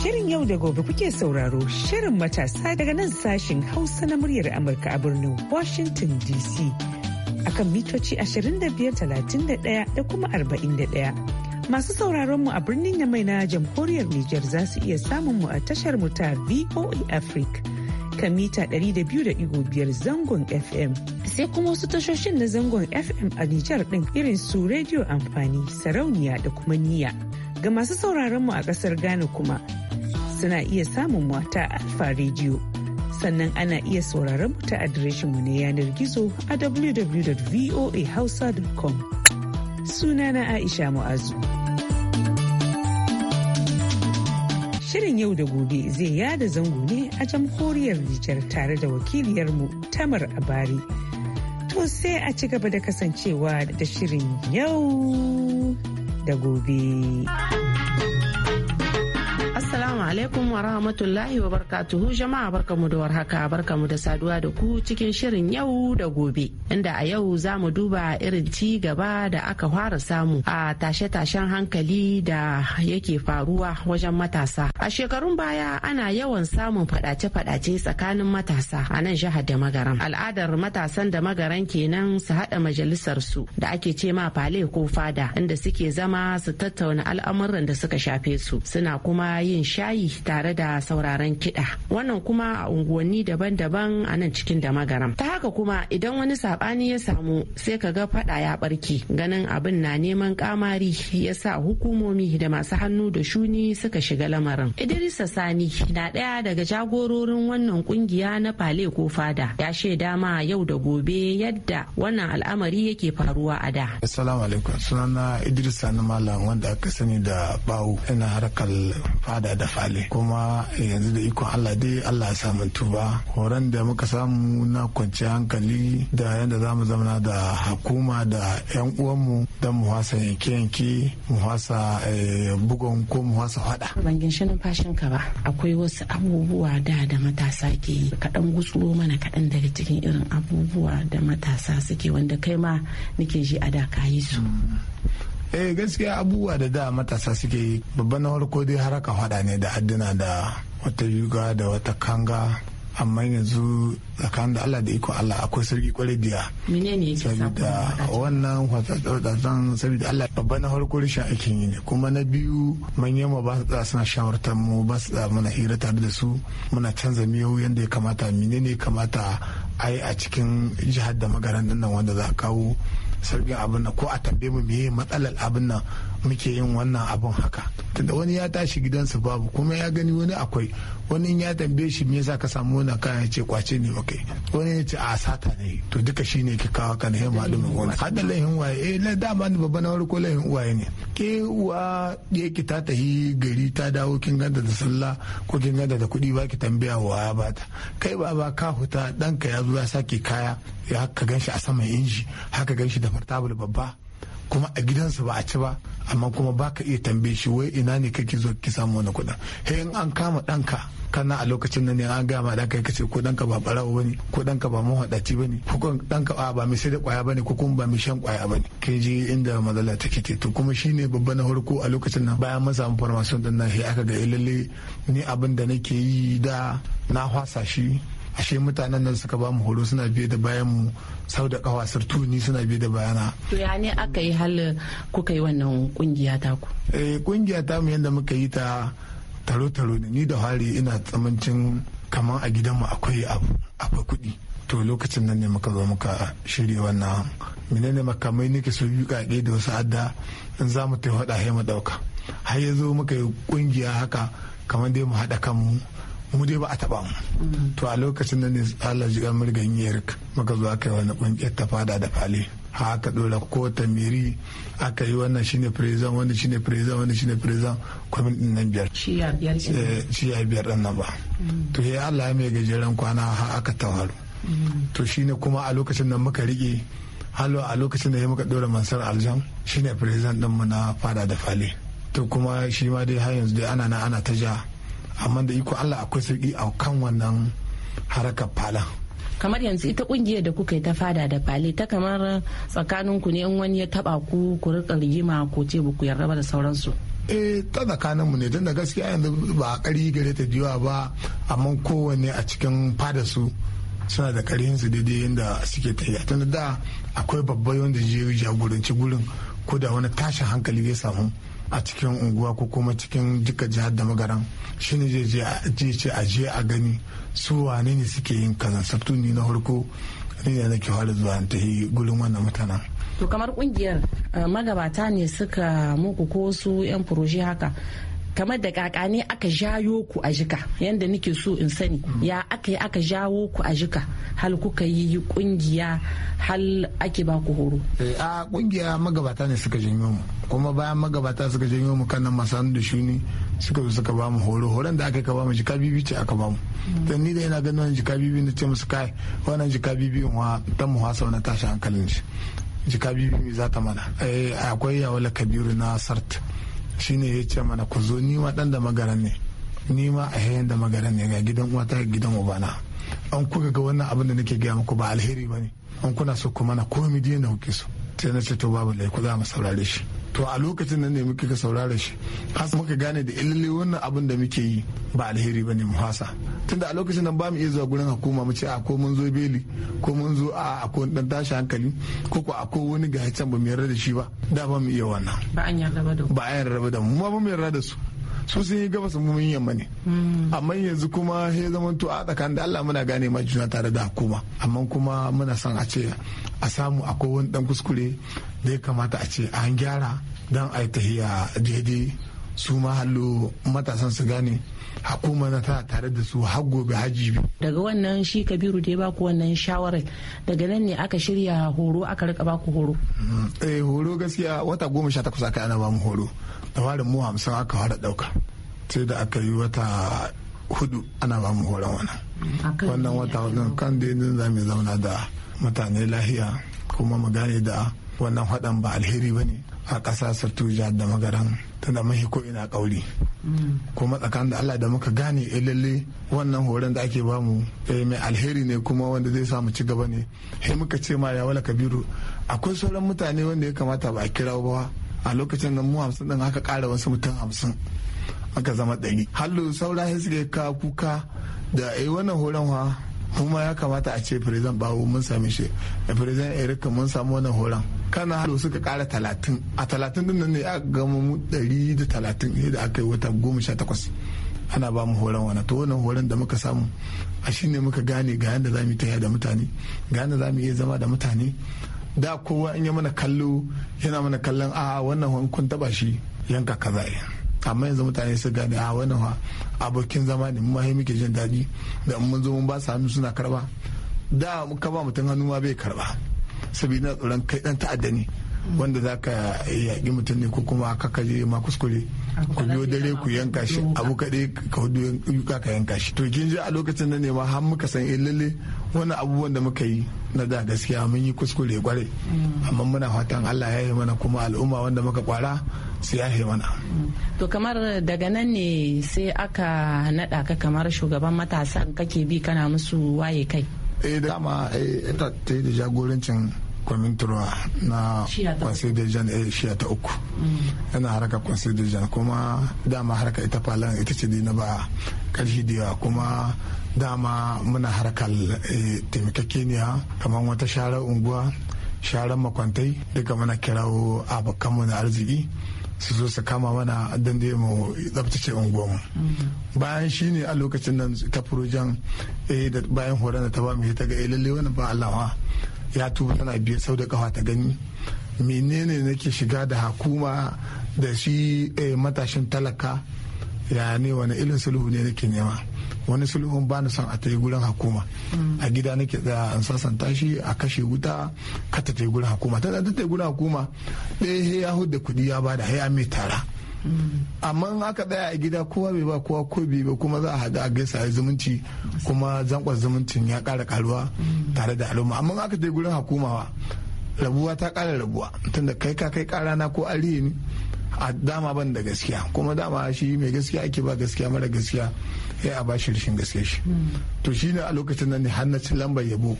Shirin yau da gobe kuke sauraro shirin matasa daga nan sashen Hausa na muryar Amurka a birnin Washington DC. Akan mitoci 25,31 da kuma 41. Masu sauraron mu a birnin mai na jamhuriyar Nijar za su iya samun mu a tashar mu ta VOA Africa. kan mita 200.5 zangon FM. Sai kuma wasu tashoshin na zangon FM a Nijar ɗin irin su rediyo amfani, sarauniya da kuma niya. Ga masu sauraron mu a ƙasar Ghana kuma suna iya samun wata Alfa Radio. Sannan ana iya sauraron mu ta adireshin mu na yanar gizo a suna na Aisha Mu'azu. Shirin yau da gobe zai yada zango ne a jamhuriyar Nijar tare da wakiliyarmu Tamar Abari. To sai a ci gaba da kasancewa da shirin yau da gobe. alaikum wa rahmatullahi wa barkatuhu jama'a barkamu da warhaka barkamu da saduwa da ku cikin shirin yau da gobe inda a yau za mu duba irin ci gaba da aka fara samu a tashe-tashen hankali da yake faruwa wajen matasa. A shekarun baya ana yawan samun fadace-fadace tsakanin matasa a nan jihar da magaran. Al'adar matasan da magaran kenan su haɗa majalisar su da ake ce ma fale ko fada inda suke zama su tattauna al'amuran da suka shafe su suna kuma yin shayi shayi tare da sauraron kiɗa wannan kuma a unguwanni daban-daban a nan cikin da magaram ta haka kuma idan wani saɓani ya samu sai ka ga faɗa ya ɓarke ganin abin na neman kamari ya sa hukumomi da masu hannu da shuni suka shiga lamarin idrisa sani na ɗaya daga jagororin wannan ƙungiya na fale ko fada ya shaida ma yau da gobe yadda wannan al'amari yake faruwa a da assalamu alaikum sunana idrisa na malam wanda aka sani da bawo ina harkar fada da fada kuma eh, yanzu da ikon Allah dai Allah ya samu tuba horon da muka samu na kwanci hankali da yadda za mu zama da hakuma da 'yan uwanmu don mu hasa yanke-yanke mu hasa eh, bugon ko mu hasa fada. ban ginshi numfashin ka ba akwai wasu abubuwa da da matasa ke kaɗan gutsuro mana kaɗan daga cikin irin abubuwa da matasa suke wanda kai ma nake ji a da ka yi su mm. eh gaskiya abubuwa da da matasa suke yi babban na farko dai haraka hada ne da adduna da wata yuga da wata kanga amma yanzu tsakanin da Allah da iko Allah akwai sarki kwarai biya. saboda wannan watsatsan saboda Allah babban na farko rashin aikin yi ne kuma na biyu manyan ma ba su tsara suna shawartar mu ba su tsara muna hira tare da su muna canza miyau yadda ya kamata menene ya kamata a yi a cikin jihar da magaran nan wanda za a kawo sarkin abin nan ko a tambaye mu meye matsalar abin nan muke yin wannan abin haka tunda wani ya tashi gidansa babu kuma ya gani wani akwai wani ya tambaye shi me yasa ka samu wannan kayan ce kwace ne ba wani ya ce a sata ne to duka shi ne ki kawo kana yin dumin wani hada lahin waye eh na dama ni babban na ko lahin waye ne ke uwa ya ki ta tahi gari ta dawo kin ganda da sallah ko kin ganda da kuɗi ba ki tambaya wa ya bata kai baba ka huta ɗanka ya zo ya sake kaya ya ka ganshi a saman inji haka ganshi da martabul babba kuma a gidansa ba a ci ba amma kuma baka iya tambaye shi wai ina ne kake zo ki samu wani kuɗin he in an kama ɗanka kana a lokacin nan ne an gaya ma ɗanka kace ko ɗanka ba barawo bane ko ɗanka ba mahaɗaci bane ko ɗanka ba mai sai da ƙwaya bane ko kuma ba mai shan ƙwaya bane kai ji inda matsala take te to kuma shine babban na farko a lokacin nan bayan mun samu farmason ɗin nan he aka ga eh, lalle ni abin da nake yi da na hwasa shi ashe mutanen nan suka ba mu horo suna biye da bayan mu sau da kawa sirtuni suna biye da bayana to ya ne aka yi hal kuka yi wannan kungiya ta ku eh kungiya ta mu yanda muka yi ta taro taro ne ni da hari ina tsamancin kamar a gidanmu akwai abu akwai kuɗi to lokacin nan ne muka zo muka shirya wannan menene makamai nake so yi kake da wasu adda in za mu tafi hada mu dauka har ya zo muka yi kungiya haka kamar dai mu haɗa kanmu mu dai ba a taba mu to a lokacin da ne Allah ji ga murgan yark muka zo aka yi wani kungiyar ta fada da fale haka dora ko miri aka yi wannan shine president wani shine president wani shine president kwamitin nan biyar shi ya biyar din eh, nan ba mm. to ya Allah ya mai gajeren kwana ha aka tawaro mm. to shine kuma a lokacin nan muka rike halo a lokacin da ya muka dora mansar aljan shine president din mu na fada da fale to kuma shi ma dai har yanzu dai ana na ana ta ja amma da iko allah akwai sauki a kan wannan harakar falan kamar yanzu ita kungiyar da kuka yi ta fada da fale ta kamar tsakanin ku ne in wani ya taba ku ku rika rigima ko ce ba ku yarda ba da sauransu eh ta tsakanin mu ne don da gaskiya yanzu ba a kari gare ta jiwa ba amma kowanne a cikin fada su suna da karin su daidai yadda suke tafiya tunda da akwai babba wanda je jagoranci gurin ko da wani tashin hankali ya samu a cikin unguwa ko kuma cikin duka jihar da magaran shi zai je ce a je a gani su wane ne suke yin kaza sabtu ne na farko ne ne nake fara zuwa ta yi gurin wannan mutana. to kamar kungiyar eh, magabata ne suka muku ko su yan furoshi haka kamar da kaka ne aka jayo ku a jika yadda nake so in sani ya aka yi aka jawo ku a jika hal kuka yi kungiya hal ake ba ku horo eh, a kungiya magabata ne suka janyo mu kuma bayan magabata suka janyo mu kan masu da shuni suka zo suka ba mu horo horon da aka kaba mu jika bibi ce aka ba mu dan ni da ina ganin wannan jika bibi na ce musu kai wannan jika bibi wa dan mu hasa na tashi hankalin shi jika bibi za ta mana eh, akwai yawala kabiru na sart shine ya ce mana ku zo ni ma dan da magaran ne ni ma a hayan da magaran ne ga gidan uwata ga gidan ubana an kuka ga wannan abin da nake gaya muku ba alheri ba ne an kuna so ku mana komai na kuke sai na ce to babu lai ku za mu saurare shi to a lokacin nan ne muke ka saurara shi hasa muka gane da ilalle wannan abin da muke yi ba alheri ba ne mu hasa tunda a lokacin nan ba mu iya zuwa gurin hukuma mu ce a ko mun zo beli ko mun zo a ko dan tashi hankali ko ko a ko wani ga can ba mu yarda da shi ba da ba mu iya wannan ba an yarda ba da mu ba mu yarda da su su sun yi gabas mun yamma ne hmm. amma yanzu kuma he zaman to a tsakanin da Allah muna gane ma juna tare da hukuma amma kuma muna son a ce a samu akwai wani dan kuskure da ya kamata a ce an gyara don a yi tahiya daidai su ma hallo matasan su gane hakuma na tana tare da su har gobe haji bi daga wannan shi kabiru dai baku wannan shawarar daga nan ne aka shirya horo aka rika baku horo mm. eh horo gaskiya wata goma sha takwas aka ana bamu horo da warin mu hamsin aka fara dauka sai da aka yi wata hudu ana bamu horon wannan wannan wata hudun kan da yanzu za mu zauna da mutane lahiya kuma mu gane da wannan haɗan ba alheri ba ne a ƙasa tuja da magaran da mahi ko ina ƙauri kuma tsakanin da allah da muka gane eh, lalle wannan horon da ake bamu eh, mai alheri ne kuma wanda zai samu ci gaba ne sai muka ce ma ya wala kabiru akwai sauran mutane wanda ya kamata ba a kira ba a lokacin da mu hamsin din haka ƙara wasu mutum hamsin aka zama ɗari hallu saura suke ka kuka da eh, wannan horon kuma ya kamata a ce firizan bawo mun same shi firizan erika mun samu wannan horon kana hado suka kara talatin a talatin din nan ne a gama mu ɗari da talatin ne aka yi wata goma sha takwas ana ba mu horon wani to wannan horon da muka samu a shi ne muka gane ga yadda za mu yi da mutane ga yadda za mu iya zama da mutane da kowa in ya mana kallo yana mana kallon a wannan kun taba shi yanka kaza amma yanzu mutane su gane a wannan wa abokin zama ne mu mahimmi ke jin daɗi da mun zo mun ba su hannu suna karba da ka ba mutum hannu ma bai karba sabida tsoron kai dan ta'adda ne wanda za ka yaƙi mutum ne ko kuma ka je ma kuskure ku biyo dare ku yanka shi abu kaɗai ka hudu yuka ka yanka shi to kin ji a lokacin na nema har muka san eh lalle wani abubuwan da muka yi na da gaskiya mun yi kuskure kwarai mm. amma muna fatan Allah ya yi mana kuma al'umma wanda muka kwara su ya yi mana. Mm. To kamar daga nan ne sai aka naɗa ka kamar shugaban matasan kake bi kana musu waye kai. eh dama eh ta da jagorancin kwamintarwa na consideration eh shiya ta uku mm. yana haraka jan kuma dama haraka ita falon ita ce na ba karfi da yawa kuma dama muna harkar eh, taimakekeniya kamar wata sharar unguwa sharar makwantai duka muna kirawo abokanmu na arziki su zo su kama mana dande mu tsabtace unguwanmu bayan shi ne a lokacin nan ta furojan eh, da bayan horon da ta ba mu ta ga eh, lalle wani ba Allah ya tuba tana biya sau da kafa ta gani menene nake shiga da hakuma da shi eh, matashin talaka ya ne wani irin sulhu ne nake nema wani sulhun ba ni son a ta gurin hukuma a gida nake da an sasanta shi a kashe wuta ka ta ta gurin hukuma ta ta ta gurin hukuma ɗaya ya da kuɗi ya bada ya mai tara amma in aka tsaya a gida kowa bai ba kowa ko bai ba kuma za a haɗu a gaisa a zumunci kuma zankon zumuncin ya ƙara karuwa tare da al'umma amma aka je gurin hukumawa rabuwa ta ƙara rabuwa tunda kai ka kai ƙara na ko ariye ne a dama ban da gaskiya kuma dama shi mai gaskiya ake ba gaskiya mara gaskiya ya a bashi rashin gaskiya shi hmm. to shi ne a lokacin nan ne hannacin lambar yabo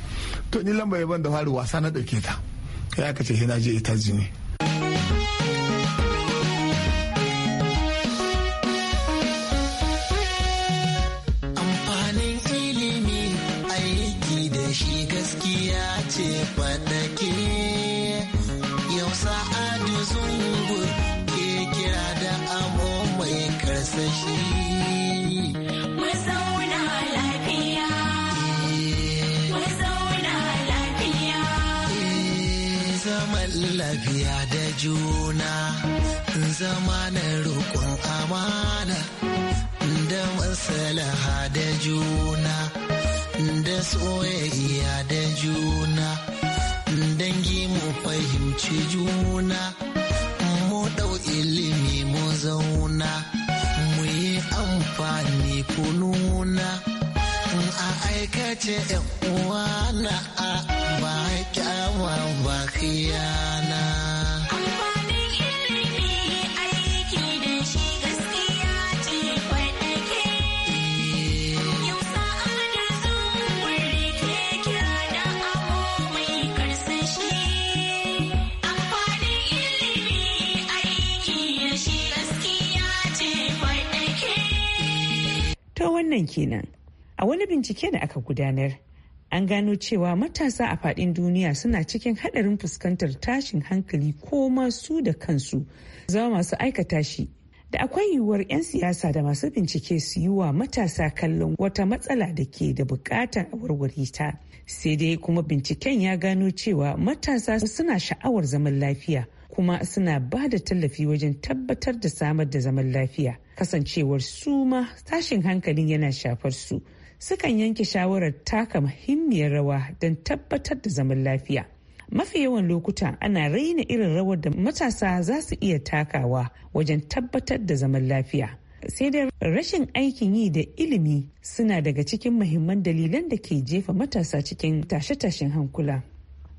to ni lambar yabon da fari wasa na ɗauke ta ya ka ce na je ita zini juna zama na roƙon amana da masalaha da juna da soyayya da juna dangi mu fahimci juna mu ɗau ilimi mu zauna mu yi amfani kununa a aikace na a ba kyawa ba khiyana. Wannan kenan. A wani bincike da aka gudanar, an gano cewa matasa a faɗin duniya suna cikin haɗarin fuskantar tashin hankali ko masu da kansu zama masu aikata shi. Da akwai yiwuwar 'yan siyasa da masu bincike su yi wa matasa kallon wata matsala da ke da bukatar a warware ta. Sai dai kuma binciken ya gano cewa matasa suna sha'awar zaman lafiya. kuma suna ba da tallafi wajen tabbatar da samar da zaman lafiya kasancewar su ma tashin hankalin yana shafar su sukan yanke shawarar taka muhimmiyar rawa don tabbatar da zaman lafiya mafi yawan lokuta ana raina irin rawar da matasa za su iya takawa wajen tabbatar da zaman lafiya sai dai rashin aikin yi da ilimi suna daga cikin muhimman dalilan da ke jefa matasa cikin tashe-tashen hankula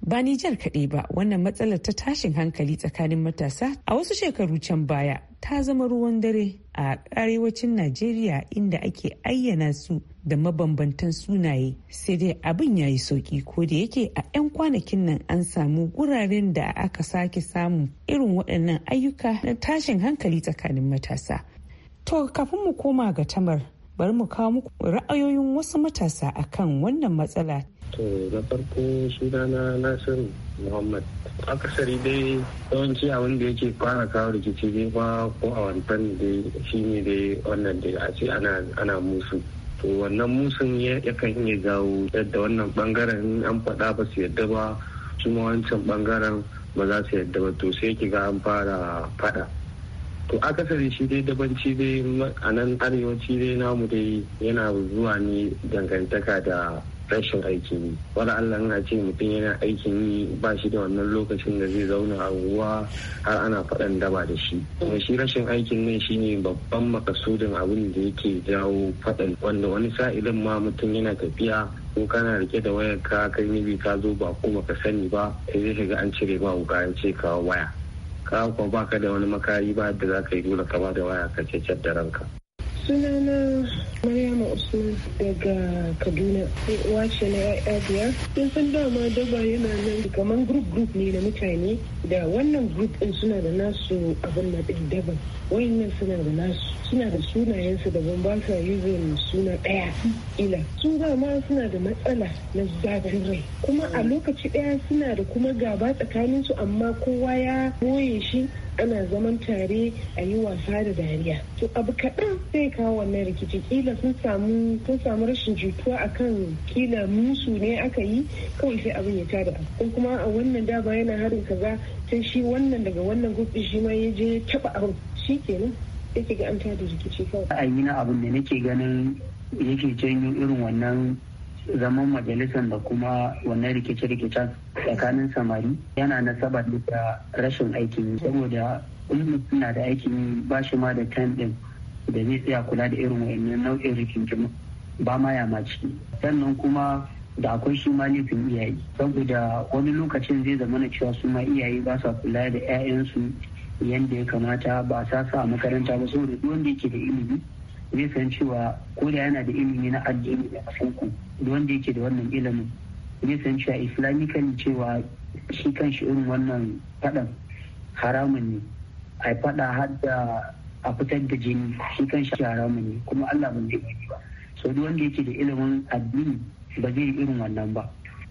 ba Nijar kaɗai ba wannan matsalar ta tashin hankali tsakanin matasa a wasu shekaru can baya ta zama ruwan dare a arewacin Najeriya inda ake ayyana su da mabambantan sunaye sai dai abin ya yi sauki ko da yake a 'yan kwanakin nan an samu wuraren da aka sake samu irin waɗannan ayyuka na tashin hankali tsakanin matasa. To kafin mu koma ga tamar bari mu kawo muku ra'ayoyin wasu matasa akan wannan matsala to na farko sunana nasiru muhammad akasari dai yawanci abin da yake fara kawo rikici dai ba ko a wantan dai shi ne dai wannan dai a ce ana musu to wannan musun yakan iya gawo yadda wannan bangaren an faɗa ba su yadda ba kuma wancan bangaren ba za su yadda ba to sai yake ga an fara faɗa to akasari shi dai dabanci dai a nan arewaci dai namu dai yana zuwa ne dangantaka da rashin aikin yi wani allah a ce mutum yana aikin yi ba shi da wannan lokacin da zai zauna a ruwa har ana faɗan daba da shi kuma shi rashin aikin nan shine babban makasudin abin da yake jawo faɗan wanda wani sa'ilin ma mutum yana tafiya ko kana rike da wayar ka kai ne ka zo ba ko baka sani ba sai zai shiga an cire ba wuka an ce kawo waya ka baka da wani makari ba da za ka yi dole ka ba da waya ka ce da ranka sunana maryama usman daga kaduna wace na ya'ya biyar sun san dama daba yana nan kamar group group ne na mutane da wannan group din suna da nasu abin na ɗin daban wayannan suna da nasu suna da sunayensu daban ba sa yuzin suna ɗaya ila su dama suna da matsala na zafin rai kuma a lokaci ɗaya suna da kuma gaba tsakaninsu amma kowa ya boye shi ana zaman tare a yi wasa da dariya to abu kaɗan zai kawo wannan rikici kila sun samu sun samu rashin jituwa akan kila musu ne aka yi kawai sai abin ya tada ko kuma a wannan daba yana harin kaza sai shi wannan daga wannan gutsi shi ma ya je taba abin shi kenan yake ga an tada rikici kawai yi na abin da nake ganin yake janyo irin wannan zaman majalisar da kuma wannan rikice-rikicen tsakanin samari yana nasaba da rashin aikin saboda ilimin suna da aikin ba shi ma da can din da zai tsaya kula da irin wayannan nau'in rikicin ba ma ya maci sannan kuma da akwai shi ma nufin iyaye saboda wani lokacin zai zama na cewa su ma iyaye ba sa kula da 'ya'yansu yadda ya kamata ba sa sa makaranta ba saboda duk wanda yake da ilimi zai san cewa ko da yana da ilimi na addini da fuku da wanda yake da wannan ilimin zai san cewa islamikan cewa shi kan shi irin wannan fadan haramun ne a fada har da a fitar da jini shi kan shi haramun ne kuma Allah ban zai ba so duk wanda yake da ilimin addini ba zai yi irin wannan ba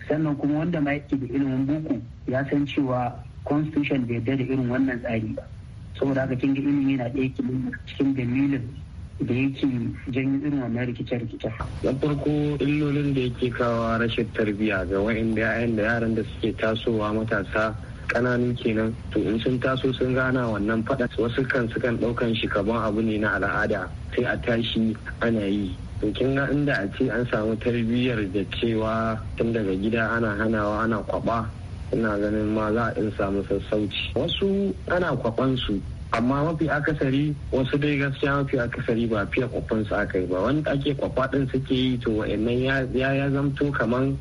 sannan kuma wanda ma yake da ilimin boko ya san cewa constitution bai da irin wannan tsari ba saboda haka kin ga ilimi yana ɗaya cikin dalilin da yake janyo irin wannan rikice-rikice. Na farko illolin da yake kawo rashin tarbiyya ga wa'inda yayan da yaran da suke tasowa matasa kananu kenan to in sun taso sun gana wannan faɗa wasu kan sukan ɗaukan shi kaman abu ne na al'ada sai a tashi ana yi to kin ga inda a ce an samu tarbiyyar da cewa tun daga gida ana hanawa ana kwaba ina ganin ma za a in samu sassauci wasu ana kwabansu su amma mafi akasari wasu dai gaskiya mafi akasari ba fiye kwafin su aka yi ba wani ake kwafa din suke yi to wa'annan ya ya zamto kaman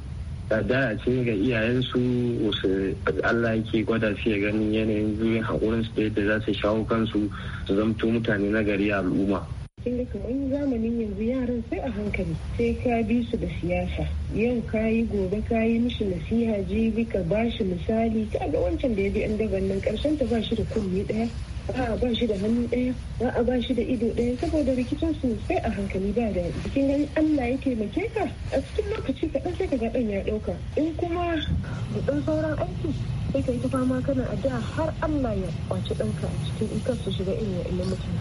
dara ce ga iyayensu wasu Allah yake gwada su ya ganin yanayin zuwin haƙurin su da za su shawo kansu su zamto mutane na gari a al'umma. kin ga kamar zamanin yanzu yaran sai a hankali sai ka bi su da siyasa yau ka yi gobe ka yi mishi nasiha jibi ka ba shi misali ka ga wancan da ya bi an daban nan karshen ta ba shi da kunni ɗaya a'a ba shi da hannu ɗaya a ba shi da ido ɗaya saboda rikicin su sai a hankali ba da bikin ganin Allah ya taimake ka a cikin lokaci kaɗan sai ka ga ɗan ya ɗauka in kuma da ɗan sauran aiki sai ka yi ta fama kana addu'a har Allah ya kwaci ɗanka a cikin in su shiga irin wa'annan mutane.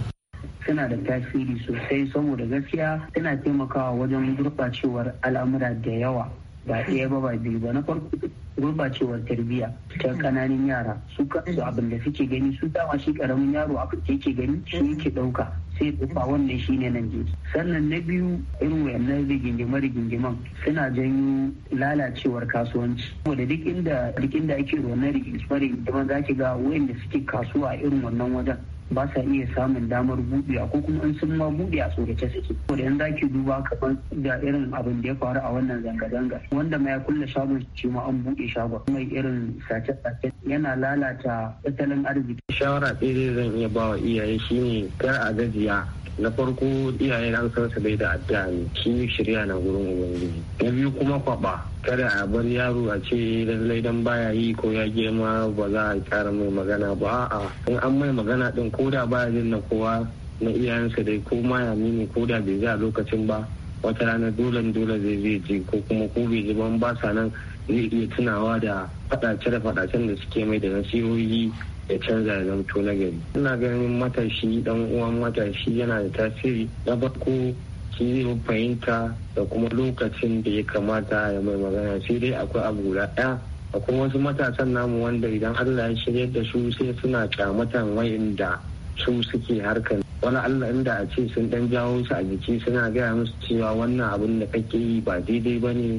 suna da tasiri sosai saboda gaskiya suna taimakawa wajen gurɓacewar al'amura da yawa ba ɗaya ba ba biyu ba na farko gurbacewar tarbiyya ta kananan yara su kansu abin da suke gani su dama shi karamin yaro a yake gani shi yake ɗauka sai ba wannan shi ne nan je sannan na biyu irin wayannan rigingimar rigingiman suna janyo lalacewar kasuwanci saboda duk inda duk inda ake wannan rigingimar rigingiman za ki ga wayanda suke kasuwa irin wannan wajen ba sa iya samun damar buɗewa ko kuma in sun ma buɗe a tsorace suke ko da yanzu ake duba kamar da irin abin da ya faru a wannan zanga-zanga wanda ma ya kulle shagon shi ma an buɗe shagon mai irin sace-sace yana lalata tattalin arziki shawara ɗaya zan iya bawa iyaye shine kar a gajiya na farko iyayen an san su da addu'a ne shi shirya na gurin ubangiji na biyu kuma kwaba kada a bar yaro a ce lallai dan baya yi ko ya girma ba za a kara mai magana ba a'a in an mai magana din ko da baya jin na kowa na iyayensa dai ko ma ya ko da bai za lokacin ba wata rana dole dole zai zai ji ko kuma ko bai ji ban ba sa nan zai iya tunawa da fadace da fadacen da suke mai da nasihohi ya canza ya zamto na gari ina ganin matashi dan uwan matashi yana da tasiri na farko shi zai fahimta da kuma lokacin da ya kamata ya mai magana sai dai akwai abu guda ɗaya akwai wasu matasan namu wanda idan allah ya shirya da su sai suna kyamatan wayanda su suke harkar wani allah inda a ce sun dan jawo su a jiki suna gaya musu cewa wannan abin da kake yi ba daidai ba ne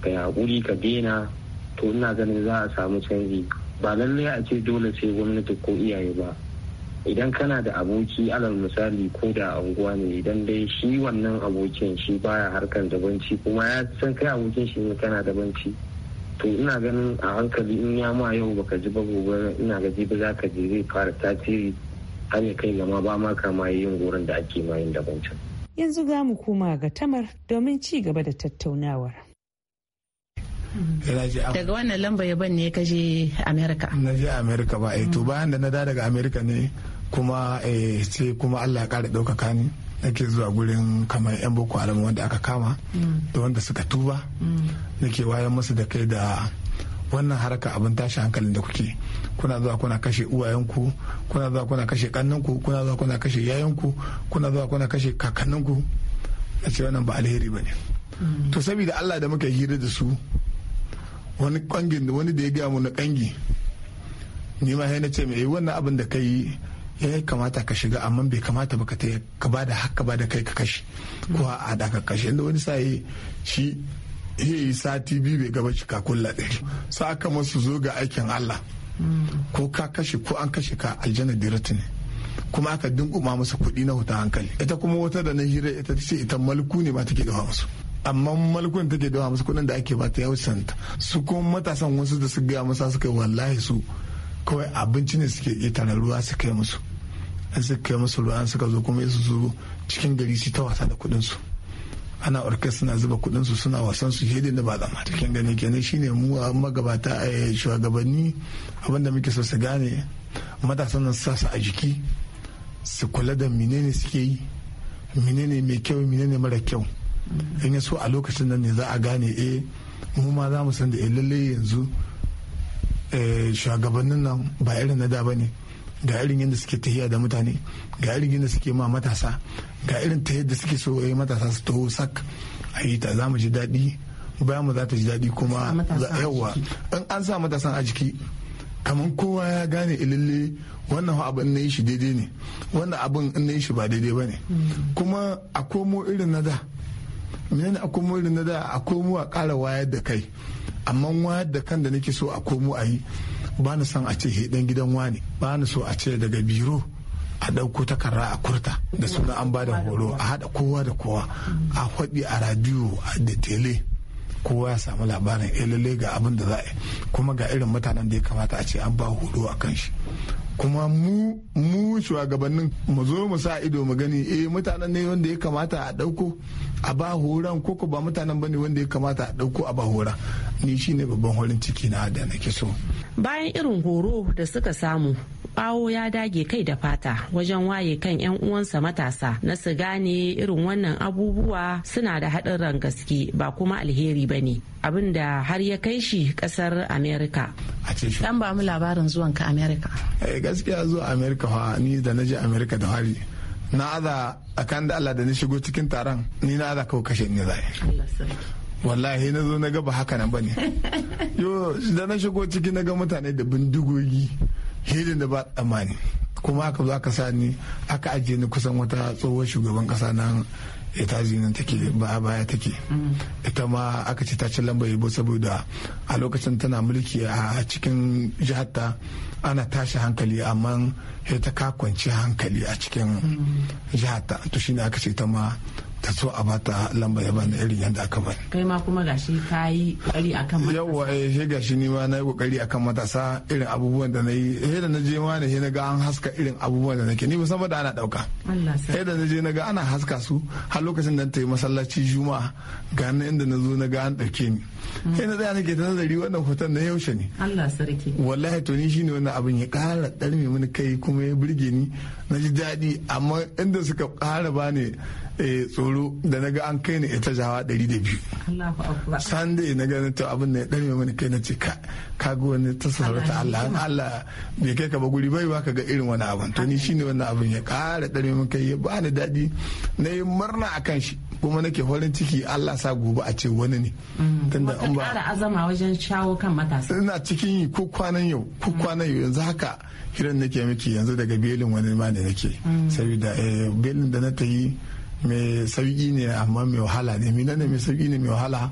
ka yi haƙuri ka daina to ina ganin za a samu canji ba lallai a ce dole sai gwamnati ko iyaye ba idan kana da aboki alal misali ko da unguwa ne idan dai shi wannan abokin shi baya harkar dabanci kuma ya san kai abokin shi ne kana dabanci to ina ganin a hankali in ya ma yau baka ji ba gobe ina gaji ba za ka je zai fara tasiri har ya kai gama ba ma kama yin goron da ake ma yin dabancin. yanzu za mu koma ga tamar domin ci gaba da tattaunawar. daga wannan lamba ya ban ne ka je Amerika. na je Amerika ba eh, to bayan da na da daga Amerika ne kuma eh, sai kuma allah ya kara ɗaukaka ni nake zuwa gurin kamar yan boko haram wanda aka kama da wanda suka tuba nake wayan musu da kai da wannan harka abin tashi hankalin da kuke kuna zuwa kuna kashe uwayenku kuna zuwa kuna kashe kanninku kuna zuwa kuna kashe yayanku kuna zuwa kuna kashe kakanninku a ce wannan ba alheri ba ne to saboda allah da muka hira da su wani da wani da ya gaya na kangi ni ma sai na ce mai eh, wannan abin da ka yi ya kamata ka shiga amma bai kamata ba ka ta ka ba da haka ba da kai ka kashe ko a da ka kashe inda wani sai shi yi sati biyu bai gaba cika kulla ɗari sa aka masu zo ga aikin Allah ko ka kashe ko an kashe ka aljanna dirati ne kuma aka dinkuma masa kuɗi na wuta hankali ita kuma wata da na hira ita ce ita malku ne ma take gaba masu amma malkun take dawa musu kuɗin da ake ba ta yau santa su kuma matasan wasu da su gaya masa suka wallahi su kawai abinci ne suke tara ruwa su kai musu in su kai musu ruwa suka zo kuma su zo cikin gari su ta wasa da kuɗin su ana orkes suna zuba kuɗin su suna wasan su hidin da ba ma cikin gani kenan shine mu a magabata a shugabanni abinda muke so su gane matasan nan sa su a jiki su kula da menene suke yi menene mai kyau menene mara kyau in ya so a lokacin nan ne za a gane eh mu ma za mu san da eh yanzu eh, shugabannin nan ba irin na da ba ne ga irin yadda suke tahiya da mutane ga irin yadda suke ma matasa ga irin ta yadda suke so yi eh, matasa su taho sak a yi ta za mu ji daɗi bayan mu za ta ji daɗi kuma yawa in an sa matasan a jiki kamar kowa ya gane ilille eh, wannan abin na yi shi daidai ne wannan abin na yi shi ba daidai ba ne mm. kuma a komo irin na da menene a komo na da a komo a kara wayar da kai amma wayar da kan da nake so a komo a yi ba ni son a ce dan gidan wani ba ni so a ce daga biro a ɗauko takarda a kurta da suna an ba da horo a haɗa kowa da kowa a haɗi a radiyo da tele kowa ya samu labarin eh, lalle ga abin da za a yi kuma ga irin mutanen da ya kamata a ce an ba horo a kan shi kuma mu mu shugabannin mu zo mu sa ido mu gani eh mutanen ne wanda ya kamata a ɗauko a ba horon ko ba mutanen bane wanda ya kamata a ɗauko a ba horon ni shine babban horon ciki na da nake so bayan irin horo da suka samu bawo ya dage kai da fata wajen waye kan 'yan uwansa matasa na su gane irin wannan abubuwa suna da haɗarin gaske ba kuma alheri ba ne abin da har ya kai shi ƙasar america dan ba mu labarin zuwanka america eh, gaskiya zuwa america ni da naje america da hari na aza kan da Allah da ni shigo cikin taron ni na aza kawai kashe ni zai wallahi na zo na gaba ba haka nan bane yo da na shigo ciki na ga mutane da bindigogi hidin da ba tsammani kuma aka za aka sa ni aka ajiye ni kusan wata tsohuwar shugaban kasa na ita nan take baya baya take ita ma aka ce ta ci lambar yabo saboda a lokacin tana mulki a cikin jihar ana tashi hankali amma ta kakwanci hankali a cikin jiharta to to shine aka ce ta ma ta so a bata lamba ya bani irin yadda aka bani kai ma kuma gashi ka yi kokari akan matasa yawwa eh shi gashi ni ma na yi kokari akan matasa irin abubuwan da na yi eh da na je ma ne na ga an haska irin abubuwan da nake ni musamman da ana dauka he da na je na ga ana haska su har lokacin da ta yi masallaci juma'a ga nan inda na zo na ga an dauke ni he na tsaya nake ta nazari wannan hoton na yaushe ne Allah sarki wallahi to ni shine wannan abin ya kara darme mini kai kuma ya burge ni na ji daɗi amma inda suka kara bani Eh, tsoro da naga an kai ni ita jawa 200 sunday na ganin to abin da ya dame kai na ce ka ga wani ta sarauta Allah an Allah bai kai ka ba guri bai ba ka ga irin wani abin to ni shine wannan abin ya kara dame min kai ya bani daɗi na yi murna akan shi kuma nake farin ciki Allah sa gobe a ce wani ne mm. tunda an ba ƙara azama wajen shawo kan matasa ina cikin yi ko kwanan yau ko mm. kwanan yau yanzu haka kiran nake miki yanzu daga belin wani ma ne nake mm. saboda eh, belin da na ta yi mai sauki ne amma mai wahala ne mina ne mai sauki ne mai wahala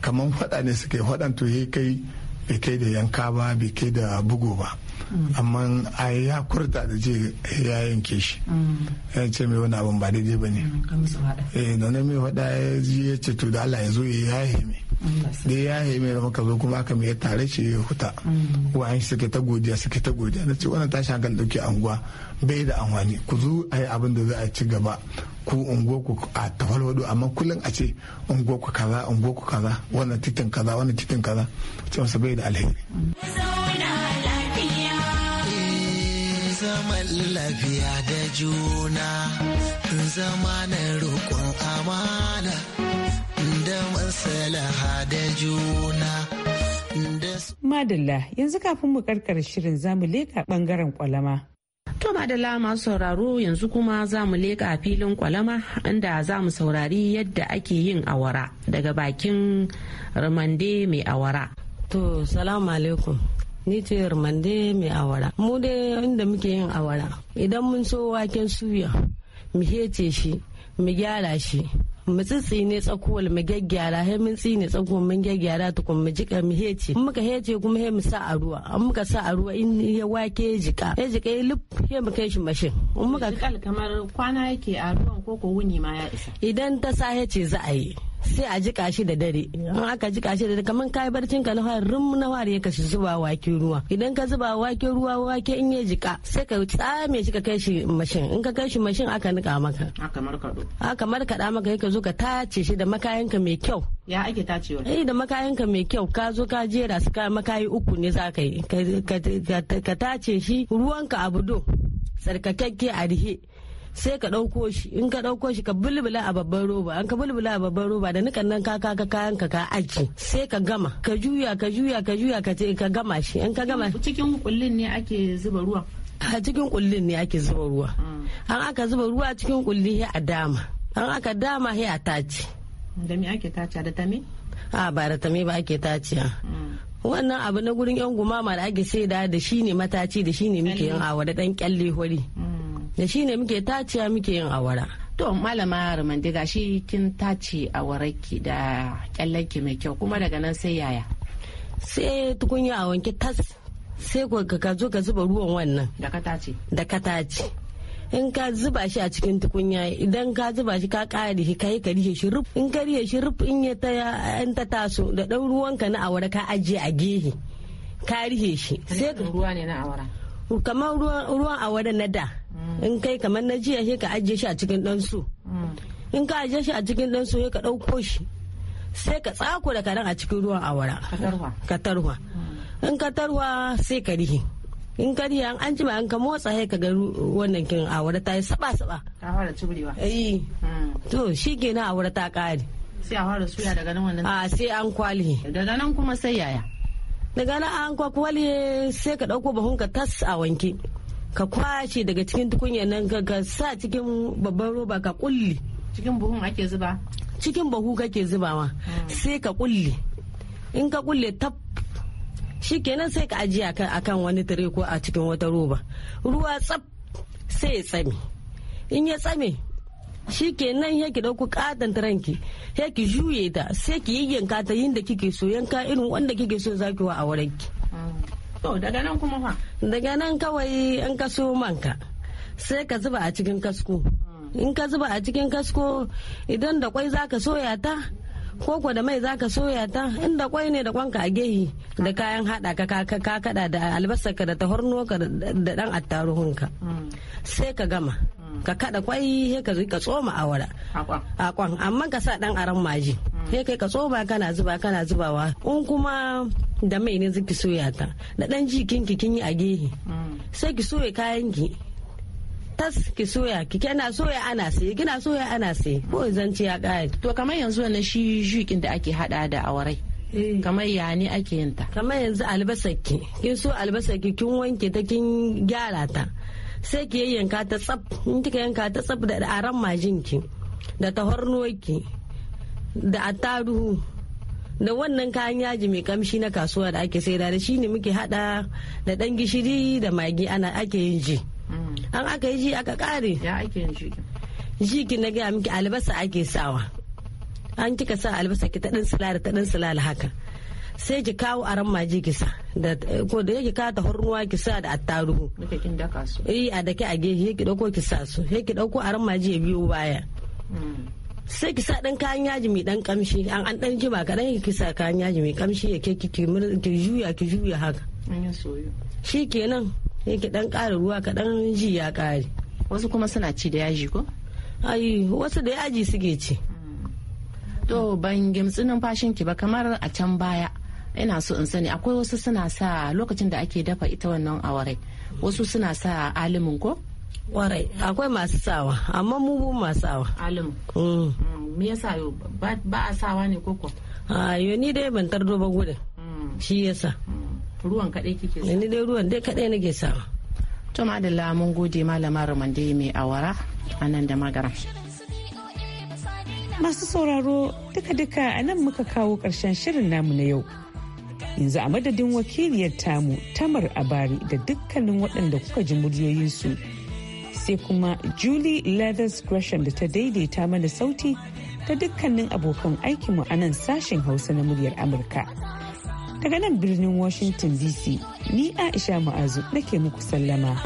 kamar faɗa ne suka yi to ya kai bai kai da yanka ba bai kai da bugu ba amma a ya kurta da je ya yanke shi mm. ya ce mai wani abin ba daidai ba ne mm, eh da mai fada ya ce to da Allah ya zo ya yi mai da ya yi mai da muka zo kuma aka mai tare shi ya huta wayan suke ta godiya suke ta godiya na ce wannan tashi hankali dauke anguwa bai da amfani ku zo a yi abin da za a ci gaba ku unguwa ku a tafalwado amma kullum a ce unguwa ku kaza unguwa ku kaza wannan titin kaza wannan titin kaza ce masa bai da alheri. zaman lafiya da juna zama na roƙon amana Madalla yanzu kafin mu karkar shirin zamu leka bangaren kwalama. To madalla masu sauraro yanzu kuma zamu mu leƙa filin kwalama inda zamu saurari yadda ake yin awara daga bakin rumande mai awara. To salamu alaikum. Ni ce rumande mai awara. Mu dai inda muke yin awara. Idan mun so waken suya, mu hece shi, mu gyara shi, mu ne tsakuwal mu gyaggyara he mun ne tsakuwal mun gyaggyara tukun mu jika mu hece mun muka hece kuma he mu sa a ruwa an muka sa a ruwa in ya wake ya jika ya jika ya lup he mu kai shi mashin mun muka kamar kwana yake a ruwan koko wuni ma ya isa idan ta sa hece za a yi sai a jika shi da dare in aka jika shi da dare kamar kai barcin ka na fari rum na fari ya shi zuba wake ruwa idan ka zuba wake ruwa wake in ya jika sai ka tsame shi ka kai shi mashin in ka kai shi mashin aka nika maka aka markado aka markada maka yake zo ka tace shi da makayanka mai kyau ya ake tacewa eh da makayanka mai kyau ka zo ka jera su ka makayi uku ne za ka yi ka tace shi ruwanka ka abudo sarkakakke a rihe sai ka ɗauko shi in ka ɗauko shi ka bulbula a babban roba an ka bulbula a babban roba da nukan nan ka ka kayan ka ka aji sai ka gama ka juya ka juya ka juya ka ka gama shi in ka gama cikin kullun ne ake zuba ruwa a cikin kullun ne ake zuba ruwa an hmm. aka zuba ruwa cikin kulli a dama an aka dama a taci. da me ake taci da tame a ba da tame ba ake taci tace hmm. wannan abu na gurin yan gumama da ake sai da shi ne mataci da shi ne muke yin awa da dan kyalle hori hmm. da shi ne muke taciya muke yin awara to malama rumande gashi kin tace awararki da ki mai kyau kuma daga nan sai yaya sai tukunya a wanke tas sai ka zo ka zuba ruwan wannan da ka taci? da ka taci. in ka zuba shi a cikin tukunya idan ka zuba shi ka da shi yi ka rihe shi rub in ka rihe shi rub in ya ta in ta taso da ɗan ruwanka na awara ka ajiye a gehe ka rihe shi sai ruwa ne na awara kamar ruwan awara na da mm. in kai kamar na jiya sai ka ajiye shi a cikin dan su mm. in ka ajiye shi a cikin dan su sai ka dauko shi sai ka tsako da karen a cikin ruwan awara tarwa mm. in tarwa sai ka rihi in ka rihi an jima an ka motsa sai ka ga wannan kin awara ta yi saba saba eh. ta fara tuburewa eh to shikenan awara ta kare sai a fara suya daga nan wannan a sai an kwali daga nan kuma sai yaya daga na an kwakwale sai ka ɗauko bahun ka tas a wanke ka kwashe daga cikin tukunya nan ka sa cikin babban roba ka kulli cikin buhun ake zuba cikin bahu kake zubawa hmm. sai ka kulli in ka kulle tab shikenan sai ka ajiye akan wani tare ko a cikin wata roba ruwa tsab sai ya tsame in ya tsame shi ke nan ya ki ƙaton ranki ya ki juye ta sai ki yayyanka ta yin da kike so yanka irin wanda kike so za ki wa a wurin ki. To daga nan kuma fa? Daga nan kawai an kaso manka sai ka zuba a cikin kasko. In ka zuba a cikin kasko idan da kwai za ka soya ta koko da mai zaka soya ta inda kwai ne da kwanka a gehi da kayan hada ka ka kada da albasarka da tahornuwarka da dan attaruhunka mm. sai ka gama ka kada kwai he ka ka tsoma awara akwan amma ka sa dan aran maji mm. he kai ka tsoma kana zuba kana zubawa in kuma da mai ne zuki soya ta da dan jikin ki kin yi a gehe mm. sai ki soya kayan ki tas ki soya ki kana soya ana sai kina soya ana sai ko zanci ya kai to kamar yanzu wannan shi jikin da ake hada da awarai eh. kamar ya ne ake yin ta kamar yanzu albasar ki kin so albasar ki kin wanke ta kin gyara ta sai ki yanka ta tsab in kika yanka ta tsab da aran majinki da tahornoki da attaruhu da wannan kayan yaji mai kamshi na kasuwa da ake saida da shi ne muke hada da dan gishiri da magi ana ake yin ji mm. an aka yi ji aka kare ya ake yin ji ji ki na gaya miki albasa ake sawa an kika sa albasa ki ta dan sulala ta dan sulala haka sai ki kawo aran maji ki da ko da yake ka ta kisa ki sa da attaruhu kin daka su eh a dake a gehe ki dauko ki sa su sai ki dauko aran maji ya biyo baya mm. sai ki sa dan kayan yaji mai dan kamshi an an dan jima kadan ki sa kayan yaji mai kamshi ya ke ki ki juya ki juya haka shi kenan yake dan ƙara ruwa dan ji ya ƙare wasu kuma suna ci da yaji ko ai wasu da yaji suke ci mm. to ban gimsinin fashin ki ba kamar a can baya ina so in sani akwai wasu suna sa lokacin da ake dafa ita wannan awarai wasu suna sa alimin ko warai akwai masu sawa amma mu masu sawa alimu. Mm. Mm, me yasa ba a sawa ne koko a ni dai ban tardo ba gudun mm. shi yasa ruwan kadai kike sa ni dai ruwan dai kadai nake sawa to madalla mun gode malama rumande mai awara a nan da magara masu sauraro duka-duka a nan muka kawo ƙarshen shirin namu na yau yanzu a madadin wakiliyar tamu tamar abari da dukkanin waɗanda kuka ji muryoyinsu sai kuma julie leathers gresham da ta daidaita mana sauti ta dukkanin abokan aikinmu a nan sashen hausa na muryar amurka daga nan birnin washington dc ni aisha ma'azu nake muku sallama.